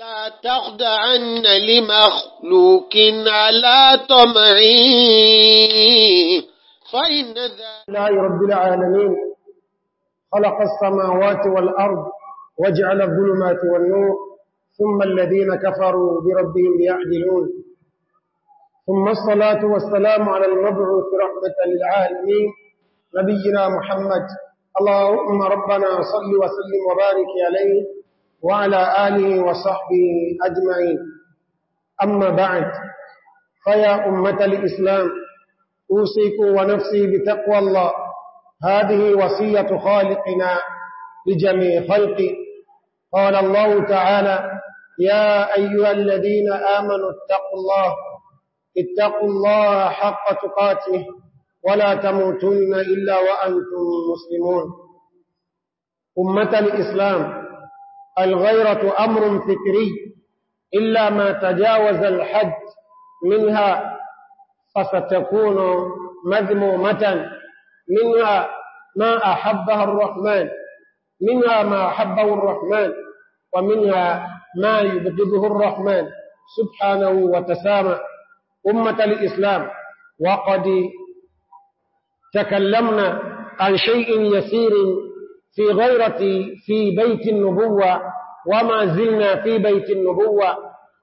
لا تخدعن لمخلوق على طمعي فإن ذا الله رب العالمين خلق السماوات والأرض وجعل الظلمات والنور ثم الذين كفروا بربهم يعدلون ثم الصلاة والسلام على المبعوث رحمة للعالمين نبينا محمد اللهم ربنا صل وسلم وبارك عليه وعلى آله وصحبه أجمعين أما بعد فيا أمة الإسلام أوصيك ونفسي بتقوى الله هذه وصية خالقنا لجميع خلقه قال الله تعالى يا أيها الذين آمنوا اتقوا الله اتقوا الله حق تقاته ولا تموتن إلا وأنتم مسلمون أمة الإسلام الغيرة أمر فكري إلا ما تجاوز الحد منها فستكون مذمومة منها ما أحبها الرحمن منها ما أحبه الرحمن ومنها ما يبغضه الرحمن سبحانه وتسامى أمة الإسلام وقد تكلمنا عن شيء يسير في غيرة في بيت النبوة وما زلنا في بيت النبوة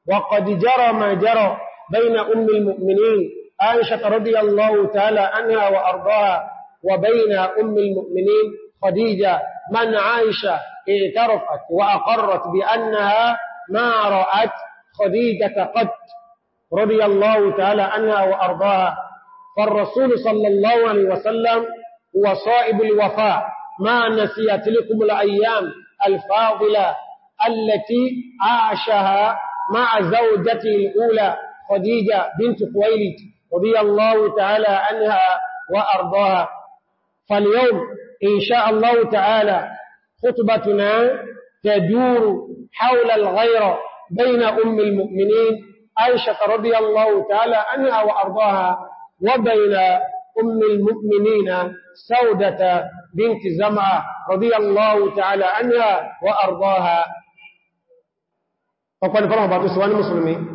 وقد جرى ما جرى بين أم المؤمنين عائشة رضي الله تعالى عنها وأرضاها وبين أم المؤمنين خديجة من عائشة اعترفت وأقرت بأنها ما رأت خديجة قد رضي الله تعالى عنها وأرضاها فالرسول صلى الله عليه وسلم هو صائب الوفاء ما نسيت لكم الأيام الفاضلة التي عاشها مع زوجته الأولى خديجة بنت خويلد رضي الله تعالى عنها وأرضاها فاليوم إن شاء الله تعالى خطبتنا تدور حول الغيرة بين أم المؤمنين عائشة رضي الله تعالى عنها وأرضاها وبين أم المؤمنين سودة بنت زمعة رضي الله تعالى عنها وأرضاها فقال فرح بعض سوان المسلمين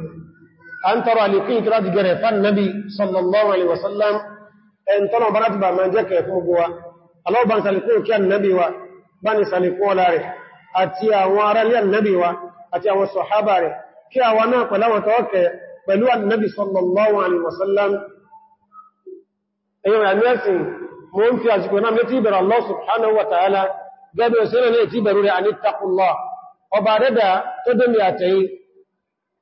أن ترى لقي كرات جريفا النبي صلى الله عليه وسلم أن ترى براتبا ما جاك يفوقوا الله بان سالكوه كان النبي بان سالكوه لاره أتيا وارا لي النبي أتيا والصحابة كي أواناك لو توقع بلو النبي صلى الله عليه وسلم ẹ̀yìn rẹ̀ mẹ́sìn mo ń fi àsìkò náà létí ìbẹ̀rẹ̀ Allah subhanahu wa ta'ala gẹ́bẹ̀ òṣèrè ní ètí ìbẹ̀rù rẹ̀ anittaqullah ọba rẹ̀dà tó dé mi àtẹ̀yìn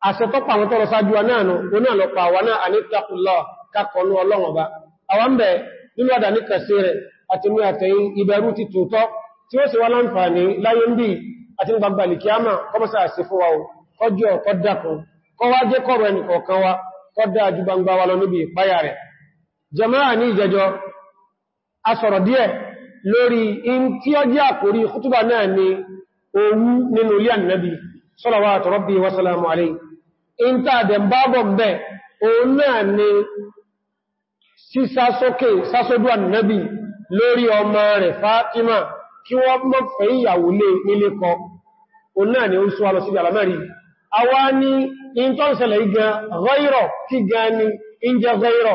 àṣẹ tó pàwọn tọrọ sáájú wa náà oní àlọ́pàá wa náà anittaqullah kakọlu ọlọ́run ọba àwọn ń bẹ nínú àdà ní kẹsí rẹ̀ àti mi àtẹ̀yìn ìbẹ̀rù ti tòótọ́ tí ó sì wá láǹfààní láyé ń bí àti gbàgbà lìkíámà jama'a ní ìjẹjọ́ a sọ̀rọ̀ díẹ̀ lórí in tí ó jẹ́ àkórí kútùbà náà ni owú nínú ilé ànìyàn salawatu rabbi wa salamu alayhi in tààdẹ̀ bábọ̀ bẹ̀ òun náà ni sísásókè sásódú ànìyàn lórí ọmọ rẹ̀ Fátímà kí wọ́n mọ́ fẹ́ ìyàwó in tó ń ṣẹlẹ̀ igan ghairo kí gan ni in jẹ ghairo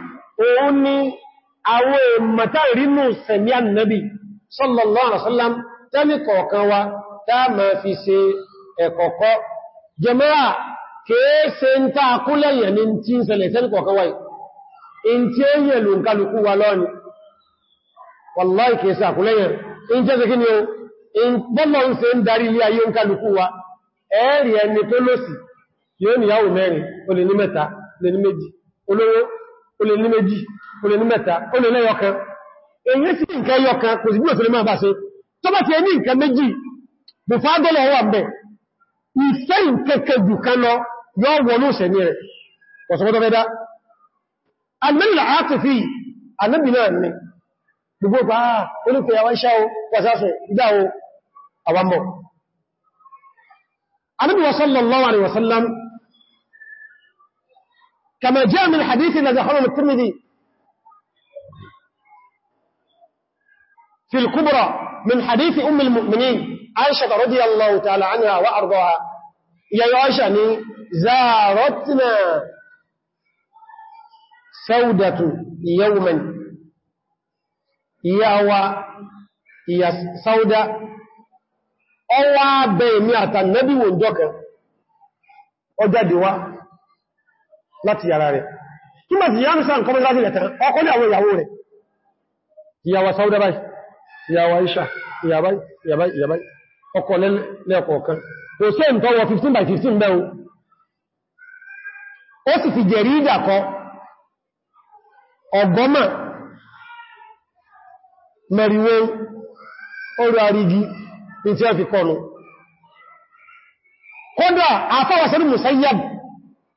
òun ni àwọn èèmọ̀tá ìrínú sẹ̀mí ànàbì sallallahu alaihi wasallam tẹ́lì kọ̀ọ̀kan wa tá ma fi ṣe ẹ̀kọ̀kọ́ jẹmọ́ra kèése ń tá akúlẹ̀yàn ní tí ń ṣẹlẹ̀ tẹ́lì kọ̀ọ̀kan wa in tí ó yẹ̀ lò ń kálukú wa lọ́ni wallahi kèése akúlẹ̀yàn in jẹ́ kí ni o ń ṣe olówó ó lè ní méjì ó lè ní mẹ́ta ó lè lẹ́yọkan èyí sí nǹkan yọkan kò sí bí òfin máa bá ṣe tó bá ti ní nǹkan méjì bù fàádọ́lọ̀ wà bẹ̀ ìfẹ́ ìkẹ́kẹ́ jù kan lọ yọ wọnú sẹ̀mí rẹ̀ ọ̀sọ̀kọ́tọ̀ fẹ́ dá alẹ́lẹ̀ àátìfì anábì náà ni gbogbo pa ah, olùfẹ́ àwọn iṣẹ́ o pọ̀sáṣẹ́ ìdá o àwàmọ̀ anábì sallallahu alaihi wasallam كما جاء من حديث الذي حرم الترمذي في الكبرى من حديث أم المؤمنين عائشة رضي الله تعالى عنها وأرضاها يا عائشة زارتنا سودة يوما يا يا سودة ọwọ́ abẹ́ النبي àtànẹ́bíwò ìjọ láti yàrá rẹ̀ nígbà tí yàmù sáà nǹkan mọ́sílá sílẹ̀ tán ọkọ́ ní àwọn ìyàwó rẹ̀ ìyàwó Sauda báyìí ìyàwó Aisha ìyàbáyìí ìyàbáyìí ọkọ̀ lẹ́ẹ̀kọ̀ọ̀kan kò sí ẹ̀mtọ́ wọ 15 by 15 bẹ́ o ó sì fi jẹ̀rí ìdàkọ ọgọ́mà mẹ́riwé orí àrígi ní tí a fi kọlu kódà àfáwàsẹ́lú musayyab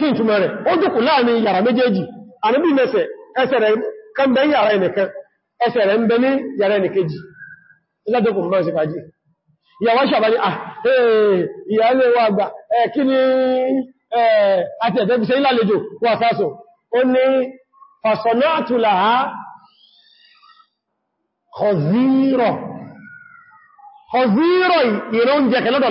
kí ìtumọ̀ rẹ̀ ó jùkú láàrin yàrá méjèèjì àníbí mẹ́sẹ̀ ẹsẹ̀ rẹ̀ kan bẹ́ yàrá ẹnìkan ẹsẹ̀ rẹ̀ ń bẹ ní yàrá ẹnìkejì ìlàjọkùn mọ́ sí fàájì ìyàwó ṣàbáyé ah, eh, ìyàlẹ́ wa àgbà eh, kí ni àti eh, ẹ̀tẹ́bíṣẹ́ ìlàlejò wà sáàsọ̀ ó ní fàṣọ̀nátùlàá khazira khazira ìrọ̀ oúnjẹ kẹlọ́dọ̀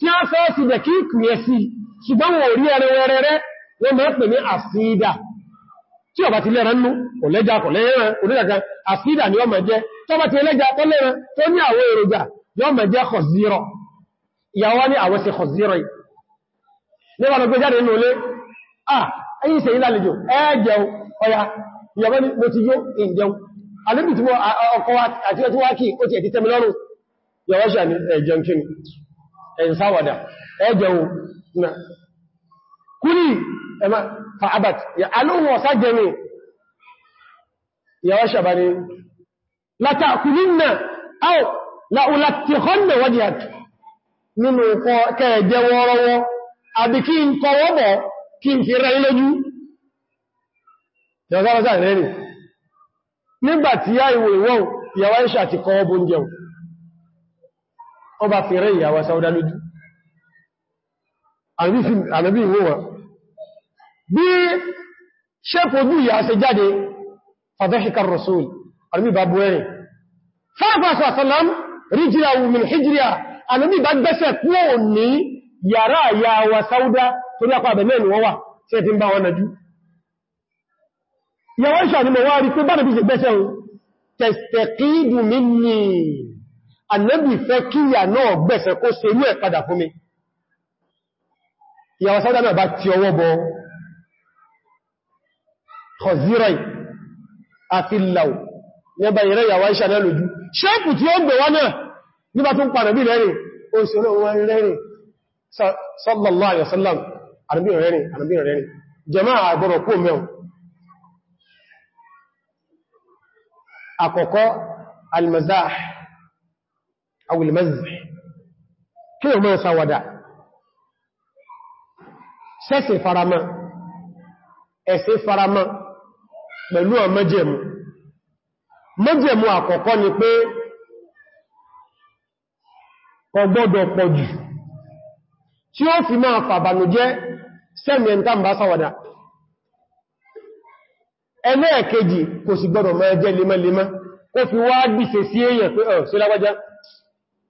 tí a fẹ́ sí bẹ̀ kí ìpìyẹ sí ṣùgbọ́n wọ́n rí ẹrẹ wẹrẹrẹ wọ́n mẹ́ pè ní àsídà tí ọba ti lẹ́ran nú kò lẹ́jà kò lẹ́ran oníkàkan ni ọmọ jẹ́ tó bá ti lẹ́jà tó lẹ́ran tó ní àwọ èròjà yọmọ jẹ́ kọ̀zírọ ìyàwó ní ah ẹ̀yìn ṣe ìlàlejò ẹ̀ẹ́jẹun ọya ìyàwó ni mo ti yó ìjẹun alébìtìmọ̀ ọkọ̀ àti ẹ̀tí wákì ó ti ẹ̀tí tẹ́mi lọ́rùn ìyàwó ṣe àmì ẹ̀jẹun kíni ẹ̀nsáwàdà ẹjẹun náà kúrì ẹmà fa'abat ya alóhun ọ̀sá jẹmi yàwó ṣàbá ni látàkùnrin náà áò láùlátìkọ́nà wájíyàt nínú kẹ́ẹ̀jẹ wọ́rọwọ́ àbí kí n kọwọ́bọ̀ kí n fi rẹ̀ lójú nígbàtí yá ìwò ìwọ̀n yàwó ìṣàtìkọ́ ọba fẹ̀rẹ̀ ìyàwó sáúdá lójú àmìbí ìwòwà bí ṣẹ́pọ̀dú ìyà ṣe jáde fàdọ́ṣíkà rasul àmì bá buwẹ́rin fàfàṣà sàlám ríjìyà min hijriya àmì bá gbẹ́sẹ̀ kúrò ní yàrá ìyàwó sáúdá torí apá àbẹ̀mẹ́ ni wọ́n wà tí annabi fẹ́ kíyà náà gbẹ̀sẹ̀ kó se ní ẹ̀padà fún mi ìyàwó sáwọ́dá náà bá ti ọwọ́ bọ kọzírọ̀ì àti lau nígbà ìrẹ́ ìyàwó Aisha náà lójú ṣẹ́kù tí ó gbẹ̀ wá náà nígbà tó ń pa nàbí lẹ́rìn ó sì olóòwọ́n rẹ́rìn sallallahu alaihi wasallam àrùbí rẹ̀rìn àrùbí rẹ̀rìn أو المزح كيف ما سودا سيسي فرما ẹ̀sẹ̀ farama pẹ̀lú àwọn mẹ́jẹ̀mú mẹ́jẹ̀mú àkọ́kọ́ ni pé kò gbọ́dọ̀ pọ̀jù tí ó fi máa fàbànújẹ́ sẹ́mì ẹ̀ntà ń bá sáwàdà ẹlẹ́ẹ̀kejì kò sì gbọ́dọ̀ máa jẹ́ lemẹ́lemẹ́ ó fi wá dìse sí èèyàn pé ọ̀ sí lágbájá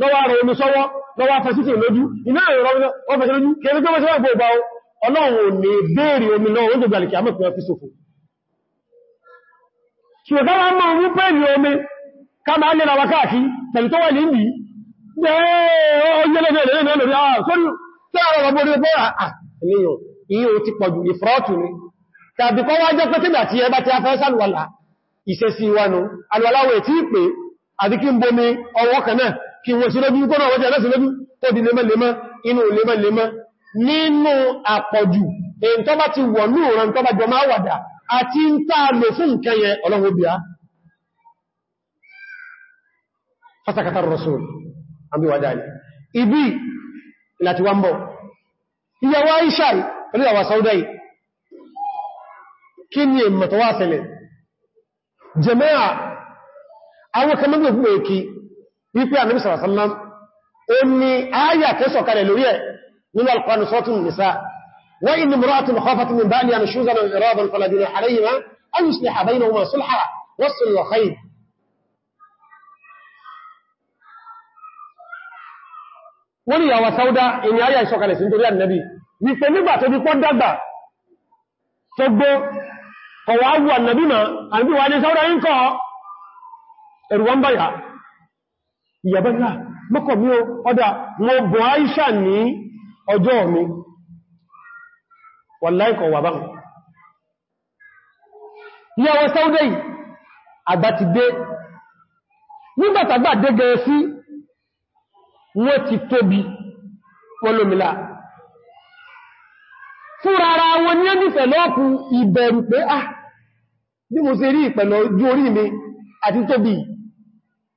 lọ́wọ́ ara omi sọ́wọ́ lọ́wọ́ fẹsítì lójú iná ìrọ̀wọ́ fẹsẹ̀ lójú kẹrẹ tó mẹ́sẹ̀ láìpò ọba ọlọ́run ò ní bèèrè omi lọ́wọ́ ó dògbà lèkì àmọ́kùn ẹfí sófò ṣùgbọ́n mọ́ orí pẹ̀lú omi ká máa lè rawa káàkí pẹ̀lú tó wà ní ìdí àdíkí ń bomi ọwọ́ kan náà kí wọ́n sí lójú kọ́nà ọjọ́ ẹlẹ́sìn lójú tó di lemẹ́lemẹ́ inú lemẹ́lemẹ́ nínú àpọ̀jù èyí tó bá ti wọ̀ ní òran tó bá jọ máa wàdà àti ń tá lò fún kẹyẹ ọlọ́run obìá rasul àbí wàdà ní ibi láti wá ń bọ̀ ìyàwó Aisha pẹ̀lú àwà Saudai kí ni èmọ̀tọ̀wà sẹlẹ̀ jẹ́mẹ́ àwọn wípé ànábì sallallahu alaihi wasallam ó ní ayà tó sọ̀kalẹ̀ lórí ẹ̀ nínú alkwani sọ́tún nìsá wa in imra'atun khafat min ba'liha nushuzan aw iradan fala junaha alayhima an yusliha baynahuma sulha was-sulhu khayr wọ́n ni yàwà sáúdá ìní ayà ìṣọ̀kalẹ̀ sí nítorí ànàbí wípé nígbà tó ànàbí wà ní sáúdá ń kọ́ ẹ̀rùwọ́n báyà ìyàbá ńlá mọ́kọ̀ mí o ọdá wọn bọ̀ Aisha ní ọjọ́ mi wallahi kò wà báhùn ìyàwó sáúdé àgbà ti dé nígbàtàgbà dé gẹ̀ẹ́ sí wọ́n ti tóbi pọ́lómìlá fúnra ara wọn ní ẹ́nìfẹ̀ lọ́ọ̀kú ìbẹ̀rù pé ah bí mo ṣe rí ìpẹ̀lọ̀ ojú orí mi àti tóbi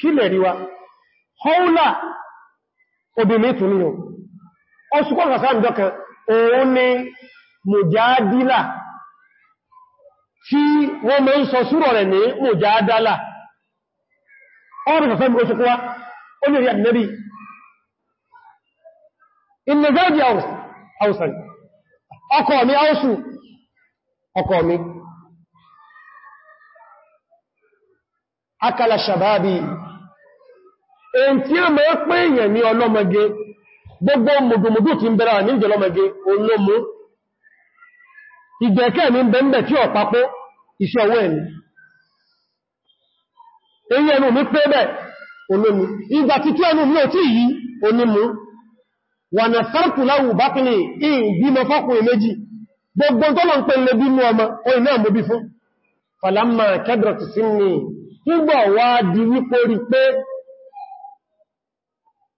kí lè ríwá họ́úlà obìnrin tún ní o ọsùkọ́ sàsáàmìjọ kan òun ni mùjádílà tí wọ́n mọ́ ń sọ súrọ̀ rẹ̀ ní mùjádálà ọ̀rọ̀ sàsáàmìjọ sọ́kọ́wá akala shababi èyí tí a máa pé èyàn ní ọlọ́mọge gbogbo mùdùmùdù ti ń bẹ̀rẹ̀ ní ìjọlọ́mọge olómú ìgbẹ̀kẹ́ ní bẹ̀m̀bẹ̀ tí ọ̀pápó iṣẹ́ ọwọ́ ẹ̀mí èyí ẹnu mi pé bẹ̀ olómú ìgbà tí ẹnu mi ò tí yí onímú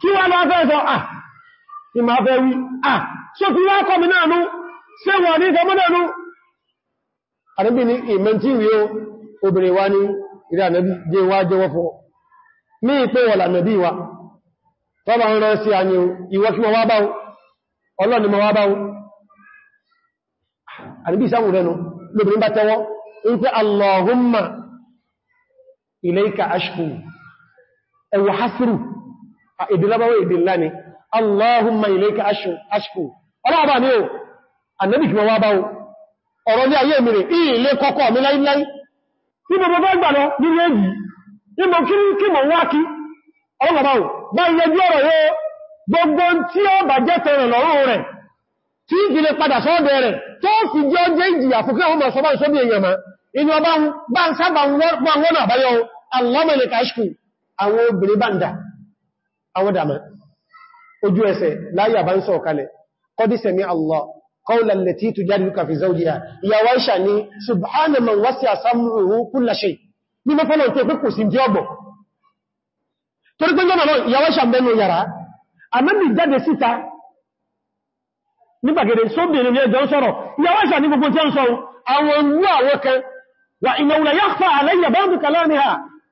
kí wá lọ fẹ́ sọ ah ìmá fẹ́ wí ah ṣe fi lákọ̀ mi náà nú ṣe wà ní ìfẹ́ mọ́dẹ̀ nú àdúgbì ní ìmẹ́ntí rí obìnrin wá ní ìrẹ́ ànẹ́bí jẹ́ wá jẹ́wọ́ fún mí pé wọ̀lá mẹ́bí wa tọ́bà ń rọ Ah, ìdílábáwọ́ ìdílá ni Allahumma ilayka ashku ọlọ́ọ̀bá ní o annabi kí wọ́n wá báwo ọ̀rọ̀ ní ayé mìíràn ilé kọ́kọ́ mi láíláí tí mo bọ́ gbà lọ ní gbogbo tí àwọn dàmà ojú ẹsẹ̀ láyà bá ń sọ kalẹ̀ kọ́dísẹ̀ ní Allah kọ́ùlà lẹ́tí tó jáde kàfí zaujiya ìyàwó ìṣà ní subhana man wasi'a sam'uhu kulla shay ní mọ́fọ́lọ̀ tó pé kò sí jẹ́ ọgbọ̀ torí pé jọ́nà náà ìyàwó ìṣà mẹ́nu yàrá àmẹ́mì jáde síta ní gbàgede sóbìnrin ní ẹjọ́ sọ̀rọ̀ ìyàwó ìṣà ní gbogbo tí ó ń sọ àwọn owó àwọn kan wà ìmọ̀wùlà yakhfa alayya ba'du kalamiha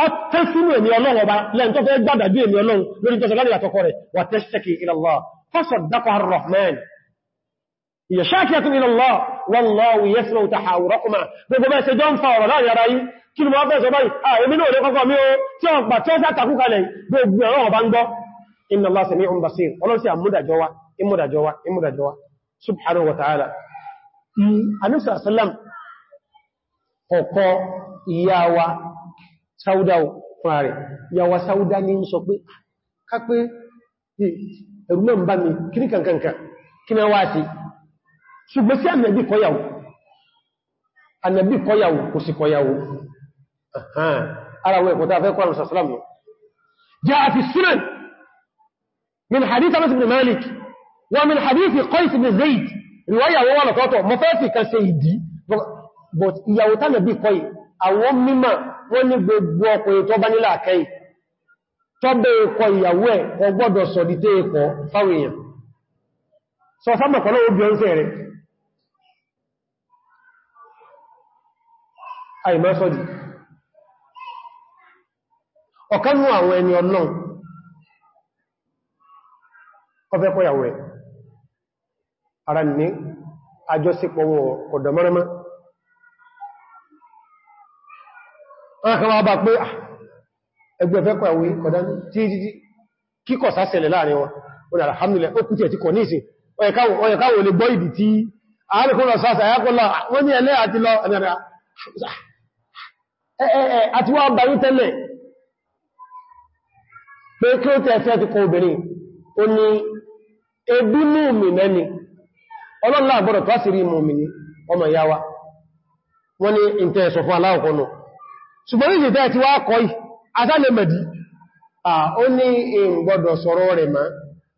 ọ̀tẹ́ sínú èmì ọlọ́run ọba lẹ́n tó fẹ́ gbádàjú èmì ọlọ́run lórí tó sọ̀lọ́dì àtọkọ rẹ̀ wà tẹ́ṣẹ́kì ilallah fọ́sọ̀dákọ̀ ar-Rahman ìyẹ̀ ṣákiyatun ilallah wallahu yasma'u tahawurakuma gbogbo bẹ́ẹ̀ ṣe jọ ń sáúdá fúnra rẹ̀ yàwà sáúdá ní sọ pé ah, kápé ẹ̀rù náà ń bá mi kiri kankanka kí na wá sí ṣùgbọ́n sí ànàbí kọyàwó ànàbí kọyàwó kò sí kọyàwó ara wọ ẹ̀kọ́ tàbí kọrùn sàsàlámù but ìyàwó tánàbí kọyìí àwọn mímọ̀ wọ́n ní gbogbo ọkùnrin tó bá nílà kẹ́yì tó bẹ́ ẹ̀kọ́ ìyàwó ẹ̀ kò gbọ́dọ̀ sọ ẹ̀kọ́ fáwọn sọ sámọ̀kọ́ lọ́wọ́ bí ọ́nfẹ́ rẹ̀ káàkàwà bá pé ah, ẹgbẹ́ fẹ́ pàwé kọ̀dánú tí kíkọ̀ sásẹ̀lẹ̀ láàrin wọn ó ní alhamdulillah ó kú tí ẹ̀ ti kọ̀ ní ìsìn ọ̀yẹ̀káwò lè gbọ́ ìdí tí àárẹ́kọ́lọ̀ sáàsà ayákọ́lọ̀ ah, wọ́n ní ẹlẹ́ ah, eh, eh, eh, ti wa ṣùgbọ́n ìlú tẹ́ ti wá kọ́ ì na mẹ̀dí ó ní ìgbọ́dọ̀ sọ̀rọ̀ rẹ̀ máa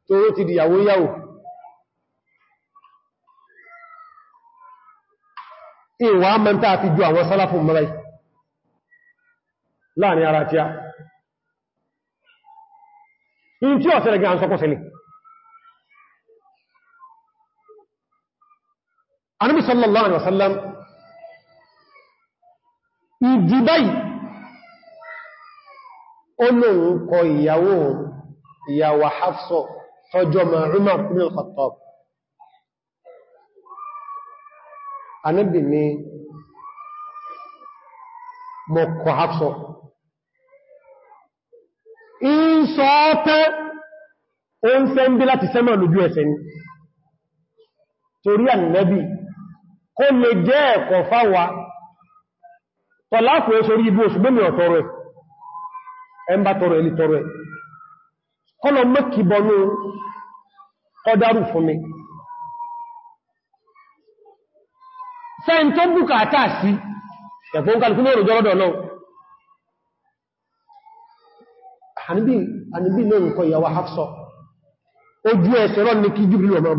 tó ó ti dìyàwó yàwó ìwà mẹ́ta àti ju àwọn sálàfún mẹ́rẹ̀ láàrin ara tí a in tí ọ̀sẹ̀rẹ̀ gan sọ́kọ́sẹ̀lẹ̀ Ànábì sallallahu alaihi ìdí báyìí ó lóun kọ ìyàwó ìyàwó Hafsa tọjọ́ ma Umar ibn al-Khattab Ànábì ni mọ̀ kọ Hafsa ń sọ ọ́pẹ́ ó ń fẹ́ ń bí láti sẹ́mọ̀ lójú ẹsẹ̀ ni torí Ànábì kó lè jẹ́ ẹ̀kọ́ fáwa tọ́láàkù ẹ́ sórí ibú oṣù gbẹ́mì tọrọ ẹni tọrọ ẹ̀ kọ́lọ mẹ́kìbọnú kọdárù fún mi sẹ́yìn tó búkà àtàsí ẹ̀fún kàlùkù ní òrùjọ́ ọ̀dọ̀ náà àníbí oju ọmọ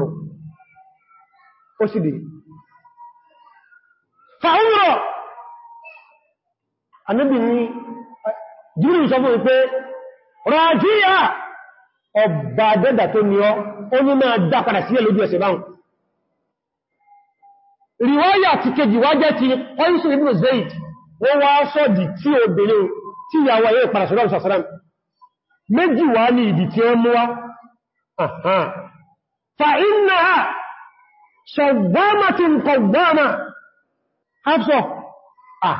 ọmọ anábì ní jírí sọ fún pé rọ̀jíyà ọba dẹ́dà tó ní ọ ó ní máa dá padà sílẹ̀ lójú ẹsẹ̀ báhùn ríwáyà ti kejì wá jẹ́ ti Qais ibn Zayd wọ́n wá sọ́dì tí obìnrin tí ìyàwó ayé padà sọ́dọ̀ sàsàrán méjì wá ní ìdí tí ó mú fa innaha sawwamatin qawwama hafsọ ah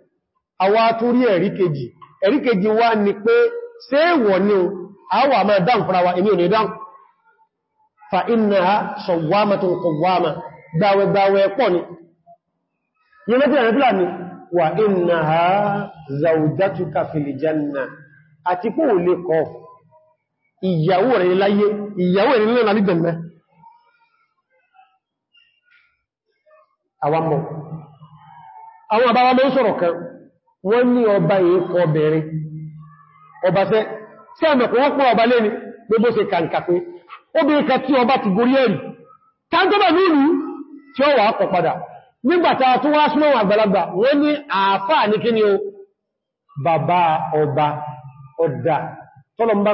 àwa torí ẹ̀rí kejì ẹ̀rí kejì wá ní pé ṣe wọ̀ ní o àwà máa dáhùn fúnra wa èmi ò ní dáhùn fa innaha sawwamatun qawwama gbàwẹ̀gbàwẹ̀ pọ̀ ni wa àwọn sọ̀rọ̀ kan wọ́n ní ọba èékọ obìnrin ọba fẹ́ tí a mẹ́kùn pọ̀ ọba lẹ́ni gbogbo ṣe kàǹkàfẹ́ obìnrin ka tí ọba ti gorí ẹ̀rì tàbí lúlù tí ó wà pọ̀ padà nígbàtà tó wá súnmọ́ àgbàlagbà wọ́n ni o bàbá ọba ọ̀dà tọ́lọmbá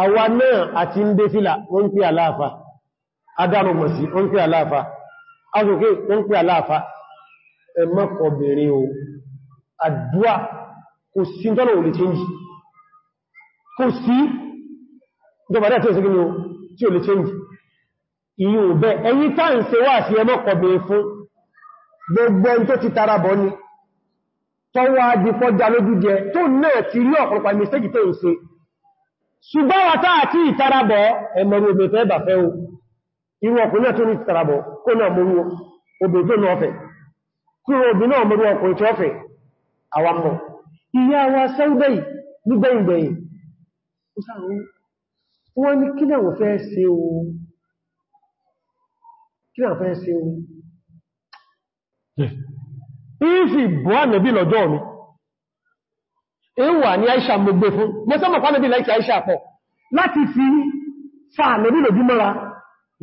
àwa náà àti ń dé fílà wọ́n pè aláàfà adámọ̀mọ̀sí wọ́n pè aláàfà aṣòkè wọ́n pè aláàfà ẹmọ́kọ̀bìnrin o àdúà kò sí tọ́nà olè change kò sí ìjọba dẹ́ tí ó sì gínú tí olè change ìyí ò bẹ́ ẹ̀yí tá ń ṣe wá sí ẹmọ́kọ̀bìnrin fún gbogbo ẹni tó ti tara bọ́ ni tọ́wọ́ adìpọ́já lójú jẹ tó náà ti rí ọ̀pọ̀lọpọ̀ mistake tó ń ṣe ṣùgbọ́n wata àti ìtarabọ̀ ẹmọ̀rú obìnfẹ́ bà fẹ́ o irú ọkùnrin tó ní ìtarabọ̀ kó náà mọ̀rú obìnfẹ́ tó náà fẹ́ kí obìn náà mọ̀rú ọkùnrin tó fẹ́ àwamọ̀ ìyá wa sẹ́gbẹ̀yì nígbẹ̀yìngbẹ̀yìn wọ́n ní kí náà fẹ́ ṣe o kí náà fẹ́ ṣe o hm. ẹwà ní Aisha gbogbo fún mọ́sánmà pánàbí láìkì Aisha pọ̀ láti fi fàànàbí lòdí mọ́ra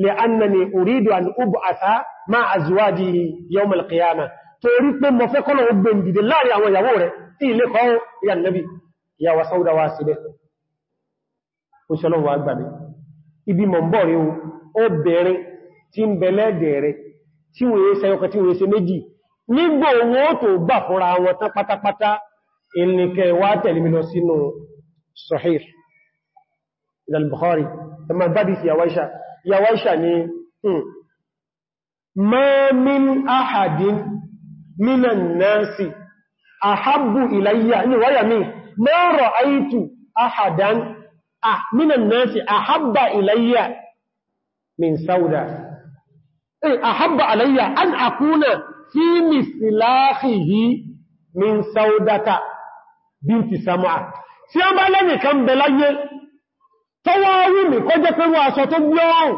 lè annani orídò an ubu àtà máa àzúwádì yawmal qiyama torí pé mọ́ fẹ́ kọ́nà ogbè ìdìdè láàrin àwọn ìyàwó rẹ̀ tí ilé kọ́ rí ìníkẹ wá tẹ̀lé mi lọ sínú Sahih al-Bukhari ẹmà bábi sí yawaisha yawaisha ni hmm, ma min ahadin minan nasi ahabbu ilayya ni wáyà mi ma ra'aytu ahadan ah minan nasi ahabba ilayya min sauda eh, ahabba alayya an akuna fi mislahihi min saudata bíntì samáà tí a bá lẹ́nìkan bẹ láyé tọwọ́ orí mi kọ́ jẹ́ pẹ̀lú aṣọ tó gbí ọrùn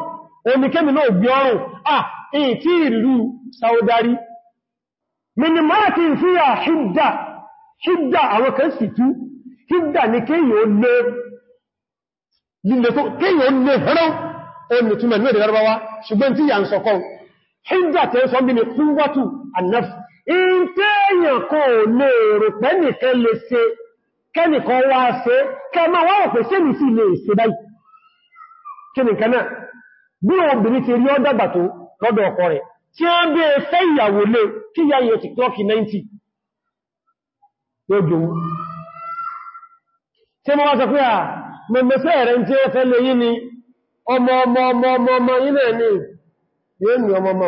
oníkẹ́mi náà gbí ọrùn à èyí tí ìlú saudari minimati fi à ṣídà ṣídà àwọn kan sì tú ṣídà ní kéyìn ó lé hẹ́rọ omi túnmẹ̀ ní èdè Lárúbáwá ṣùgbọ́n tí yà ń sọ kọ́ ìntẹ́ èèyàn kan ò lè rò pẹ́nìkan lè ṣe kẹ́nìkan wá ṣe kẹ́mà wá rò pé sẹ́mì sí lè ṣe báyìí kẹ́nìkan náà bí obìnrin ti rí ọ tó lọ́dọ̀ ọkọ rẹ̀ tí ó ń bí fẹ́ ìyàwó lé kí ya yóò ti tọ́kì 90 lójú tí sọ pé à mẹ́mẹ́sẹ́ rẹ̀ tí ó ni ọmọ ọmọ ọmọ ọmọ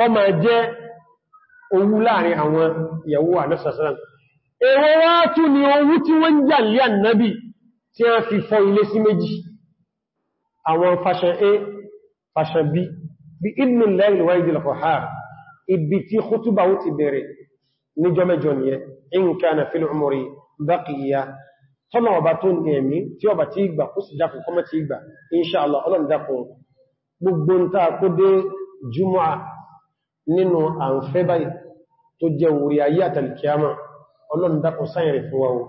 kọ́ ma jẹ́ owú láàrin àwọn ìyàwó àlọ́sàsàrán èrò wá tún ni owú tí wọ́n jà lé ànábì tí a fi fọ́ ilé sí méjì àwọn fashion a fashion b bí inú lẹ́yìn wáyé dìlọ̀kọ̀ ha ibi tí kútúbà ó ti bẹ̀rẹ̀ níjọ́ mẹ́jọ ni ẹ in nínú àǹfẹ́ báyìí tó jẹ́ orí ayé àtàlìkíyàmà ọlọ́run dákọ̀ sáyẹ̀ rẹ̀ fún wa o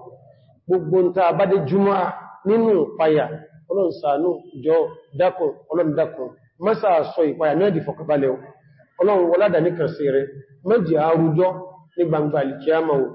gbogbo ń ta bá dé jùmọ́ nínú ìpayà ọlọ́run ṣàánú jọ dákọ̀ ọlọ́run dákọ̀ mẹ́sà sọ ìpayà náà di fọ̀kàbalẹ̀ ọlọ́run wọládà ní kan sí rẹ̀ mẹ́jì àrùjọ ní gbangba àlìkíyàmà o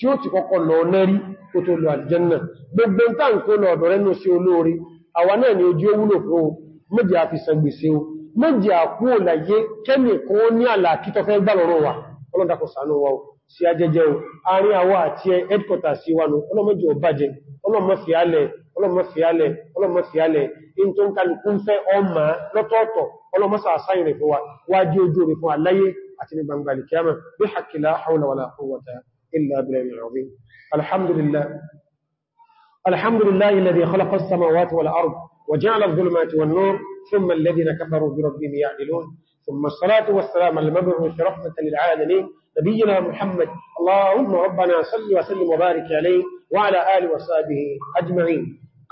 tí ó ti kọ́kọ́ lọ nẹ́rí kó tó lọ àlìjẹ́nà gbogbo ń tàǹkó lọ ọ̀dọ̀ rẹ̀ ní sí olóorí àwa náà ni ojú ó fún méjì àfi sàgbèsè o méjì àkú òlàyé kẹ́mì kan ní àlàkí tó fẹ́ gbà lọ́rọ̀ wa ọlọ́dàkọ̀ ṣàánú wa o sí ajẹjẹ o àárín àwa àti ẹ headquarter sí wa nù ọlọ́mọjì ọbàjẹ ọlọ́mọfìálẹ̀ ọlọ́mọfìálẹ̀ ọlọ́mọfìálẹ̀ in tó ń kálukú ń fẹ́ ọmọ lọ́tọ̀ọ̀tọ̀ ọlọ́mọsà àsáyìn rẹ̀ fún wa wájú ojú rẹ̀ fún aláyé àti ní gbangba alìkíyàmà bí hakila haula wala quwwata illa وجعل الظلمات والنور ثم الذين كفروا بربهم يعدلون ثم الصلاة والسلام على المبعوث رحمة للعالمين نبينا محمد اللهم ربنا صل وسلم وبارك عليه وعلى آله وصحبه أجمعين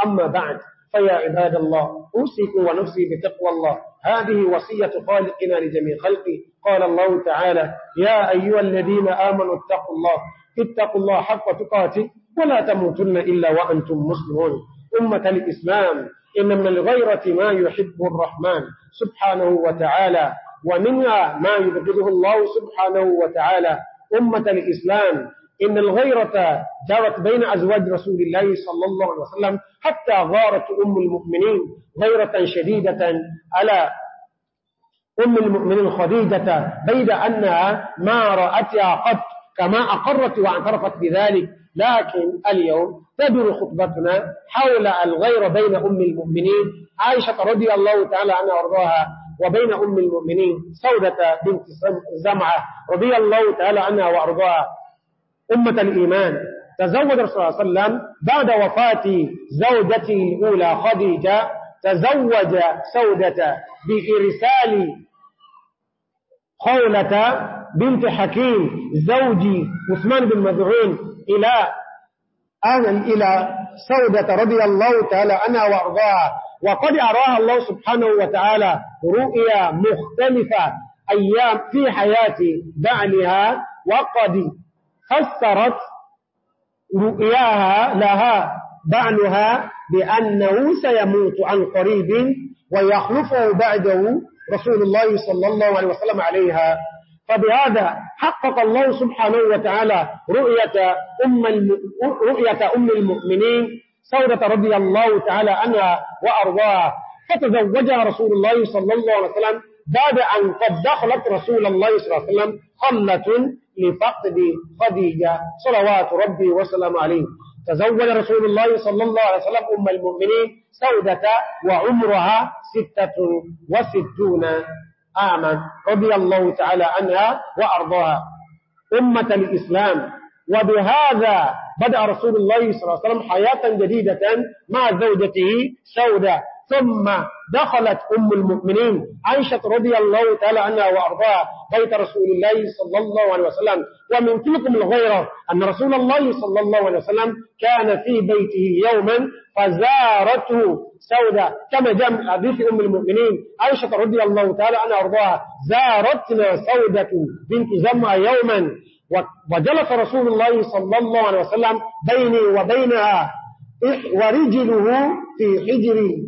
أما بعد فيا عباد الله أوصيكم ونفسي بتقوى الله هذه وصية خالقنا لجميع خلقه قال الله تعالى يا أيها الذين آمنوا اتقوا الله اتقوا الله حق تقاته ولا تموتن إلا وأنتم مسلمون أمة الإسلام إن من الغيرة ما يحب الرحمن سبحانه وتعالى ومنها ما يبغضه الله سبحانه وتعالى أمة الإسلام إن الغيرة جرت بين أزواج رسول الله صلى الله عليه وسلم حتى غارت أم المؤمنين غيرة شديدة على أم المؤمنين خديجة بيد أنها ما رأتها قط كما أقرت واعترفت بذلك لكن اليوم تدور خطبتنا حول الغير بين أم المؤمنين عائشة رضي الله تعالى عنها وارضاها وبين أم المؤمنين سودة بنت زمعة رضي الله تعالى عنها وارضاها أمة الإيمان تزوج رسول الله صلى الله عليه وسلم بعد وفاة زوجته الأولى خديجة تزوج سودة بإرسال خولة بنت حكيم زوج عثمان بن مذعون إلى إلى سودة رضي الله تعالى عنها وأرضاها وقد أراها الله سبحانه وتعالى رؤيا مختلفة أيام في حياة بعلها وقد فسرت رؤياها لها بعنها بأنه سيموت عن قريب ويخلفه بعده رسول الله صلى الله عليه وسلم عليها فبهذا حقق الله سبحانه وتعالى رؤية أم, الم... رؤية أم المؤمنين سورة رضي الله تعالى عنها وأرضاها فتزوجها رسول الله صلى الله عليه وسلم بعد أن قد دخلت رسول الله صلى الله عليه وسلم خلة لفقد خديجة صلوات ربي وسلم عليه تزوج رسول الله صلى الله عليه وسلم أم المؤمنين سودة وعمرها ستة وستون أعمى رضي الله تعالى عنها وأرضاها أمة الإسلام وبهذا بدأ رسول الله صلى الله عليه وسلم حياة جديدة مع زوجته سودة ثم دخلت أم المؤمنين عائشة رضي الله تعالى عنها وأرضاها بيت رسول الله صلى الله عليه وسلم ومن تلكم الغيرة أن رسول الله صلى الله عليه وسلم كان في بيته يوما فزارته سودة كما جاء حديث أم المؤمنين عائشة رضي الله تعالى عنها وأرضاها زارتنا سودة بنت زمع يوما وجلس رسول الله صلى الله عليه وسلم بيني وبينها ورجله في حجري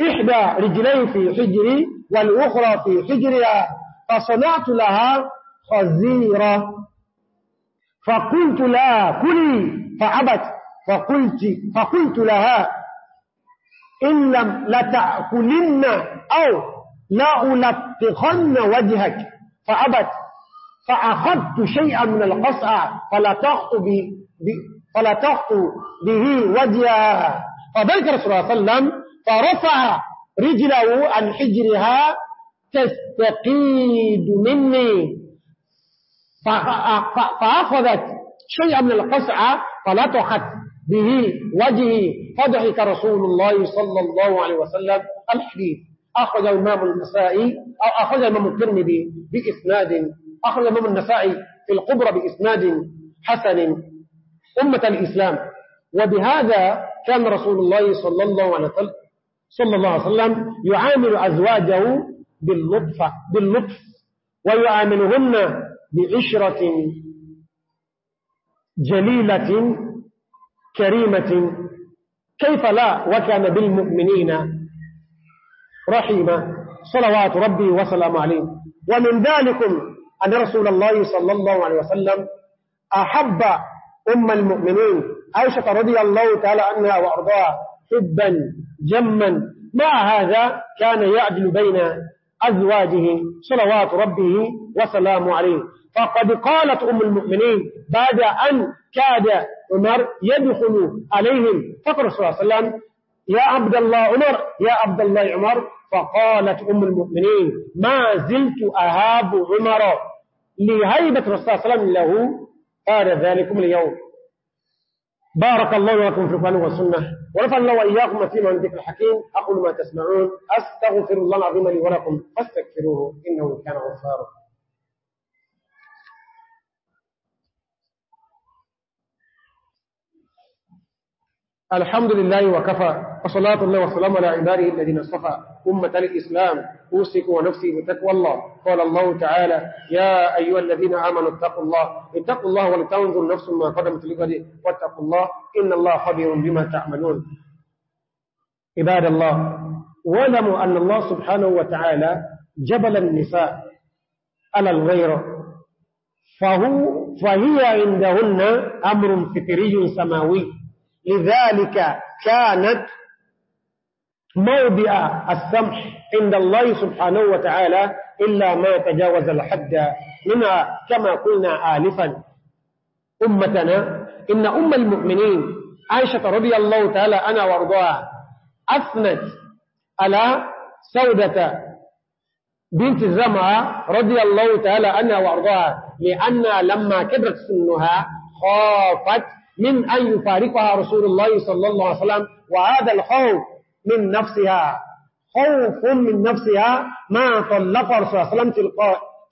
إحدى رجلين في حجري والأخرى في حجرها فصنعت لها خزيرة فقلت لها كلي فعبت فقلت, فقلت لها إن لم لتأكلن أو لألطخن وجهك فعبت فأخذت شيئا من القصع فلتخط به وجهها فذلك رسول الله صلى الله عليه وسلم فرفع رجله عن حجرها تستقيد مني فأخذت شيئا من القسعة فلطحت به وجهي فضحك رسول الله صلى الله عليه وسلم الحديث أخذ الإمام النسائي أو أخذ الإمام الترمذي بإسناد أخذ الإمام النسائي في القبرى بإسناد حسن أمة الإسلام وبهذا كان رسول الله صلى الله عليه وسلم صلى الله عليه وسلم يعامل أزواجه باللطف, باللطف ويعاملهن بعشرة جليلة كريمة كيف لا وكان بالمؤمنين رحيما صلوات ربي وسلام عليه ومن ذلك أن رسول الله صلى الله عليه وسلم أحب أم المؤمنين عائشة رضي الله تعالى عنها وأرضاها حبا جما مع هذا كان يعدل بين أزواجه صلوات ربه وسلام عليه فقد قالت أم المؤمنين بعد أن كاد عمر يدخل عليهم فقال صلى الله عليه وسلم يا عبد الله عمر يا عبد الله عمر فقالت أم المؤمنين ما زلت أهاب عمر لهيبة رسول الله صلى الله عليه وسلم له قال ذلكم اليوم بارك الله لكم في القرآن والسنة ونفع الله وإياكم فيما من ذكر الحكيم أقول ما تسمعون أستغفر الله العظيم لي ولكم فاستغفروه إنه كان غفارا الحمد لله وكفى وصلاة الله والسلام على عباده الذين اصطفى أمة الإسلام أوصيكم ونفسي بتقوى الله قال الله تعالى يا أيها الذين آمنوا اتقوا الله اتقوا الله ولتنظر نفس ما قدمت لغد واتقوا الله إن الله خبير بما تعملون عباد الله ولموا أن الله سبحانه وتعالى جبل النساء على الغيرة فهو فهي عندهن أمر فكري سماوي لذلك كانت موضع السمح عند الله سبحانه وتعالى إلا ما يتجاوز الحد منها كما قلنا آلفا أمتنا إن أم المؤمنين عائشة رضي الله تعالى أنا وارضاها أثنت على سودة بنت زمعة رضي الله تعالى أنا وارضاها لأن لما كبرت سنها خافت من أن يفارقها رسول الله صلى الله عليه وسلم وهذا الخوف من نفسها خوف من نفسها ما طلق رسول الله وسلم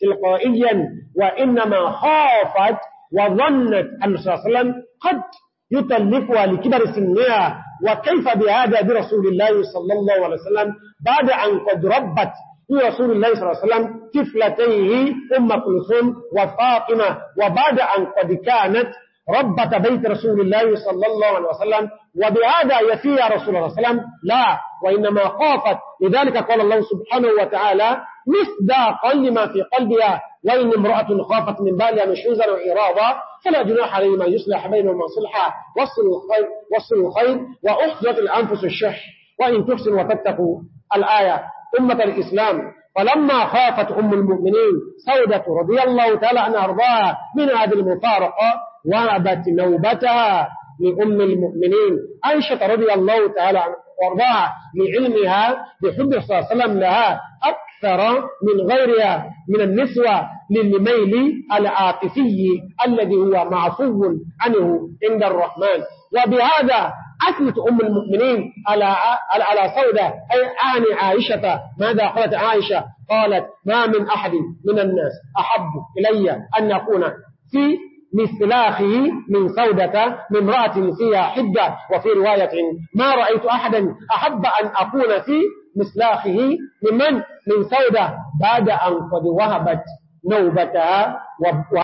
تلقائيا وإنما خافت وظنت أن رسول الله قد يطلقها لكبر سنها وكيف بهذا برسول الله صلى الله عليه وسلم بعد أن قد ربت رسول الله صلى الله عليه وسلم طفلتيه أم كلثوم وفاطمة وبعد أن قد كانت ربة بيت رسول الله صلى الله عليه وسلم وبهذا يفي رسول الله صلى الله عليه وسلم لا وإنما خافت لذلك قال الله سبحانه وتعالى مصداقا لما في قلبها وإن امرأة خافت من بالها نشوزا وإراضا فلا جناح عليهما يصلح بينهما صلحا وصل الخير, وصل الخير وأخذت الأنفس الشح وإن تحسن وتتقوا الآية أمة الإسلام فلما خافت أم المؤمنين سودة رضي الله تعالى عنها أرضاها من هذه المفارقة وابت نوبتها لأم المؤمنين أنشط رضي الله تعالى وارضاها لعلمها بحب صلى الله عليه وسلم لها أكثر من غيرها من النسوة للميل العاطفي الذي هو معفو عنه عند الرحمن وبهذا أثبت أم المؤمنين على على سودة أي أعني عائشة ماذا قالت عائشة قالت ما من أحد من الناس أحب إلي أن يكون في مثلاخه من سودة من امرأة فيها حدة وفي رواية ما رأيت أحدا أحب أن أكون في مثلاخه من من من سودة بعد أن قد وهبت نوبتها